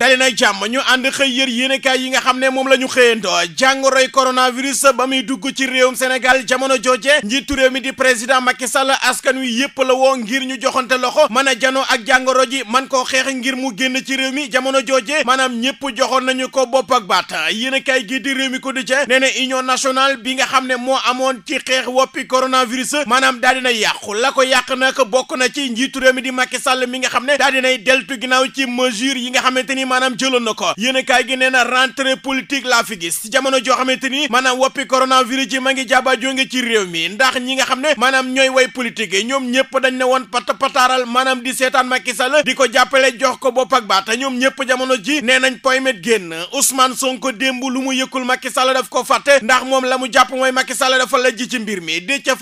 dali na jàmm ñu ànd xëy yër yéenekaay yi nga xam ne moom la ñu xëyandoo jàngoroy coronavirus ba muy dugg ci réewum Sénégal jamono jooje njiitu réew mi di président Macky Sall askan wi yépp la woo ngir ñu joxante loxo mën a janoo ak jàngoro ji man koo xeex ngir mu génn ci réew mi jamono jooje maanaam ñépp joxoon nañu ko bopp ak baat yéenekaay gii di réew mi ko dëje nee na union nationale bi nga xam ne moo amoon ci xeex woppi coronavirus maanaam daal dina yàqu la ko yàq nag bokk na ci njiitu réew mi di Macky Sall mi nga xam ne daal dinay deltu ginnaaw ci mesure yi nga xamante ni maanaam jëloon na ko yéen a gi nee na rentrée politique laa fi gis ci jamono joo xamante ni maanaam woppi coronavirus ji ma ngi jaaba jonge ci réew mi ndax ñi nga xam ne maanaam ñooy way politique yi ñoom ñëpp dañ ne woon pat pataaral maanaam di seetaan Macky Sall di ko jàppale jox ko bopp ak baata ñoom ñëpp jamono ji nee nañ poymet génn Ousmane Sonko démb lu mu yëkkul Macky Sall daf ko fàtte ndax moom la mu jàpp mooy Macky Sall dafa la ci mbir mi Déthié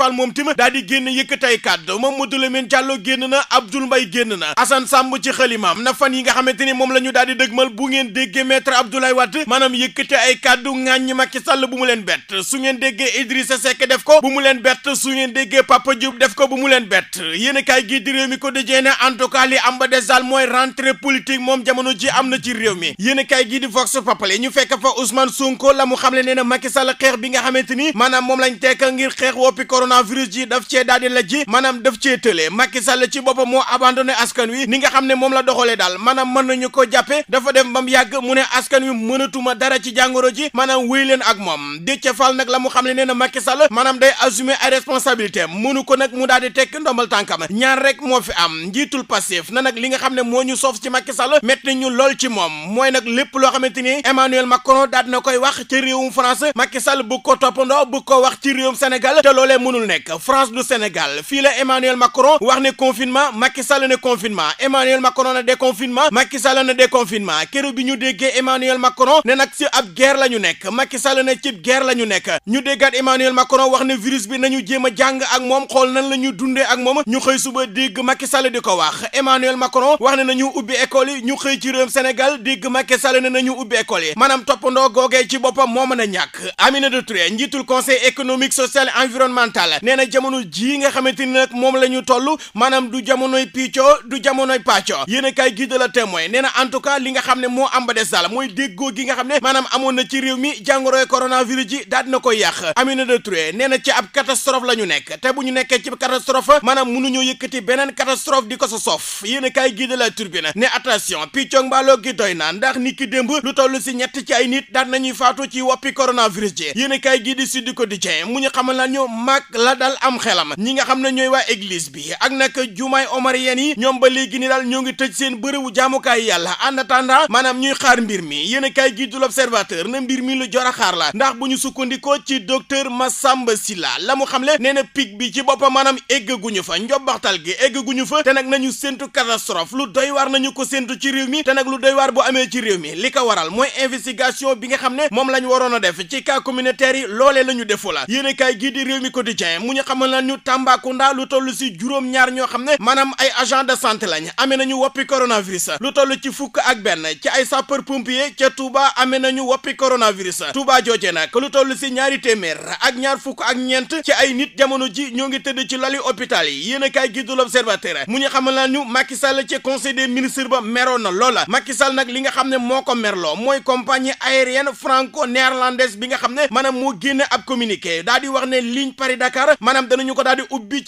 daal di génn yëkkatay kàddu Mamadou Lamine Diallo génn na Abdoul Mbaye génn na Assane Samb ci xëlimam yi nga xamante ni moom la ñu daal di dëgmal bu ngeen déggee maître Abdoulaye Wade maanaam yëkkati ay kàddu ŋàññi Macky Sall bu mu leen bett su ngeen déggee Idrissa Seck def ko bu mu leen bett su ngeen déggee Papa def ko bu mu leen bett yéen a kaay gii di réew mi ko dëjee ne en tout cas li am ba des mooy rentrée politique moom jamono ji am na ci réew mi yéen a kaay gii di Vox Populi ñu fekk fa Ousmane Sonko la mu xamle nee na Macky Sall xeex bi nga xamante ni maanaam moom lañ tekk ngir xeex woppi coronavirus daf cee daal di la ji maanaam daf cee tëlee Macky Sall ci boppam moo abandonné askan wi ni nga xam ne moom la doxalee daal maanaam mën nañu ko jàppee dafa dem ba mu yàgg mu ne askan wi mënatuma dara ci jàngoro ji maanaam wuy leen ak moom Déthié Fall nag la mu xam ne nee na Macky Sall maanaam day assumer ay responsabilité mënu ko nag mu daal di tekk ndombal tànkam ñaar rek moo fi am njiitul passif na nag li nga xam ne moo ñu soof ci Macky Sall métti ñu lool ci moom mooy nag lépp loo xamante ni Emmanuel Macron daal dina koy wax ci réewum France Macky Sall bu ko toppandoo bu ko wax ci réewum Sénégal te loolee mënul nekk France du Sénégal fii la Emmanuel Macron wax ne confinement Macky Sall ne confinement Emmanuel Macron ne déconfinement Macky Sall ne déconfinement confinement keroog bi ñu déggee Emmanuel Macron ne nag si ab guerre la ñu nekk Macky Sall ne cib guerre la ñu nekk ñu déggaat Emmanuel Macron wax ne virus bi nañu jéem a jàng ak moom xool nan la ñuy dundee ak moom ñu xëy suba dégg Macky Sall di ko wax Emmanuel Macron wax ne nañu ubbi école yi ñu xëy ci réewum Sénégal dégg Macky Sall ne nañu ubbi école yi maanaam toppandoo googee ci boppam moo mën a ñàkk Aminata Touré njiitul conseil économique social et environnemental nee na jamono jii nga xamante ni nag moom la ñu toll maanaam du jamonoy piccoo du jamonoy pàccoo yéen a kaay gi de la témoin nee li nga xam ne moo am ba des mooy déggoo gi nga xam ne maanaam amoon na ci réew mi jàngoroy coronavirus ji daal ko koy yàq Aminata Touré nee na ci ab catastrophe la ñu nekk te bu ñu nekkee ci catastrophe maanaam mënuñoo yëkkati beneen catastrophe di ko sa soof yéen a kaay gii de la turbine ne attention piccog mbaaloo gi doy naa ndax nit ki démb lu toll si ñett ci ay nit daal nañuy faatu ci woppi coronavirus ji yéen a kaay gii di Sud Quotidien mu ñu xamal la ñu mag la dal am xelam ñi nga xam ne ñooy waa église bi ak nag jumaay omariyen yi ñoom ba léegi ni daal ñoo ngi tëj seen bërëbu jaamukaay yàlla attendant maanaam ñuy xaar mbir mi yéen a kaay gi du l'observateur na mbir mi lu jor xaar la ndax bu ñu sukkandikoo ci docteur Massamba si la la mu xamle nee na pic bi ci boppam maanaam eggaguñu fa njobbaxtal gi eggaguñu guñu fa te nag nañu séntu catastrophe lu doy waar nañu ko séntu ci réew mi te nag lu doy waar bu amee ci réew mi li ko waral mooy investigation bi nga xam ne moom lañ waroon a def ci cas communautaire yi loolee la ñu defu la yéen a di réew mi quotidien mu ñu xamal na ñu Tambacounda lu toll si juróom-ñaar ñoo xam ne maanaam ay agent de santé amee nañu woppi benn ci ay sapeur pompier ca Touba amee nañu woppi coronavirus Touba jooje nag lu toll si ñaari téeméer ak ñaar fukk ak ñeent ci ay nit jamono ji ñoo ngi tëdd ci lali hôpital yi yéen a du l'Observateur mu ñu xamal naa ñu ci conseil des ba meroon loola Macky nag li nga xam ne moo ko merloo mooy compagnie aérienne franco néerlandaise bi nga xam ne maanaam moo génne ab communiqué daal wax ne ligne Paris Dakar maanaam danañu ko daal ubbi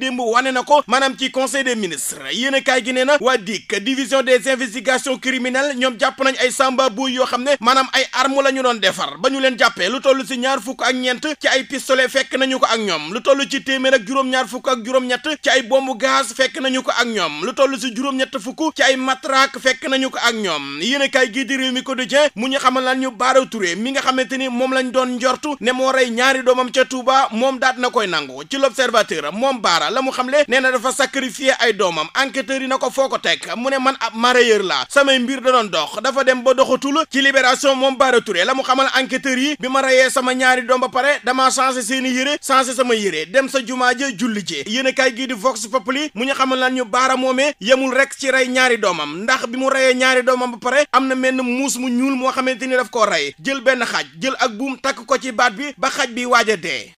démb wane na ko maanaam ci conseil des ministres yéen a na waa DIC division des investigations criminelles ñoom jàpp nañ ay samba yoo xam ne maanaam ay arme la ñu doon defar ba ñu leen jàppee lu toll si ñaar fukk ak ñeent ci ay pistolet fekk nañu ko ak ñoom lu toll ci téeméer ak juróom fukk ak juróom-ñett ci ay bombu gaz fekk nañu ko ak ñoom lu toll si juróom fukk ci ay matraque fekk nañu ko ak ñoom yéen a gii di réew mi quotidien mu ñu xamal lan ñu Bara Touré mi nga xamante ni moom lañ doon njortu ne moo rey ñaari doomam ca Touba moom daat na koy nangu ci l'observateur moom Bara la mu xamle nee na dafa sacrifier ay doomam enquêteurs yi na ko foo ko teg mu ne man ab mareyeur la samay mbir da doon dox dafa dem ba doxatul ci libération moom Bara la mu xamal enquêteurs yi bi ma reyee sama ñaari doom ba pare dama changé seeni yére changé sama yére dem sa jumaa ja julli ji yéen kay gii di Vox Populi mu ñu xamal lan ñu Bara moomee yemul rek ci rey ñaari doomam ndax bi mu reyee ñaari doomam ba pare am na menn muus mu ñuul moo xamante ni daf koo rey jël benn xaj jël ak buum takk ko ci baat bi ba xaj bi waaj a dee